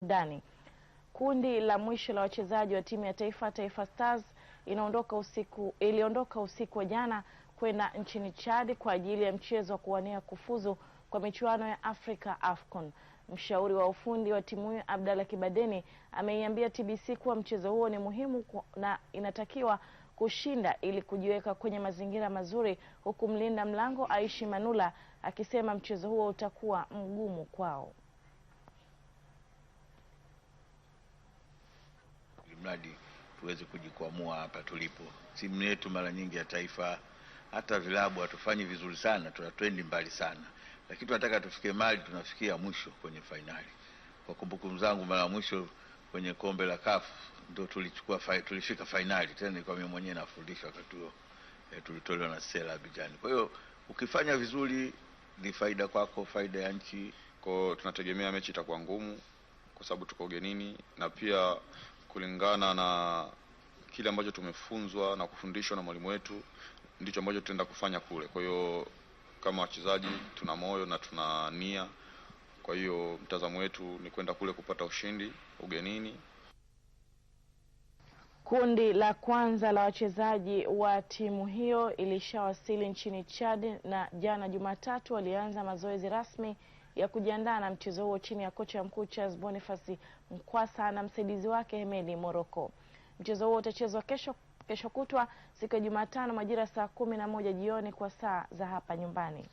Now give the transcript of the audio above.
Sudani. Kundi la mwisho la wachezaji wa timu ya taifa Taifa Stars inaondoka usiku, iliondoka usiku wa jana kwenda nchini Chad kwa ajili ya mchezo wa kuwania kufuzu kwa michuano ya Afrika AFCON. Mshauri wa ufundi wa timu hiyo Abdalla Kibadeni ameiambia TBC kuwa mchezo huo ni muhimu na inatakiwa kushinda ili kujiweka kwenye mazingira mazuri, huku mlinda mlango Aishi Manula akisema mchezo huo utakuwa mgumu kwao. mradi tuweze kujikwamua hapa tulipo. Timu yetu mara nyingi ya taifa, hata vilabu hatufanyi vizuri sana, tunatwendi mbali sana, lakini tunataka tufike mali, tunafikia mwisho kwenye fainali. Kwa kumbukumbu zangu, mara mwisho kwenye kombe la CAF ndo tulichukua fai, tulifika fainali tena, nilikuwa mimi mwenyewe nafundisha wakati huo e, tulitolewa na Sela Bijani. Kwa hiyo ukifanya vizuri ni faida kwako, faida ya nchi. Kwa tunategemea mechi itakuwa ngumu kwa sababu tuko ugenini na pia kulingana na kile ambacho tumefunzwa na kufundishwa na mwalimu wetu, ndicho ambacho tutaenda kufanya kule. Kwa hiyo kama wachezaji tuna moyo na tuna nia, kwa hiyo mtazamo wetu ni kwenda kule kupata ushindi ugenini. Kundi la kwanza la wachezaji wa timu hiyo ilishawasili nchini Chad na jana Jumatatu walianza mazoezi rasmi ya kujiandaa na mchezo huo chini ya kocha mkuu Charles Boniface Mkwasa na msaidizi wake Hemedi Moroko. Mchezo huo utachezwa kesho kesho kutwa siku ya Jumatano majira saa kumi na moja jioni kwa saa za hapa nyumbani.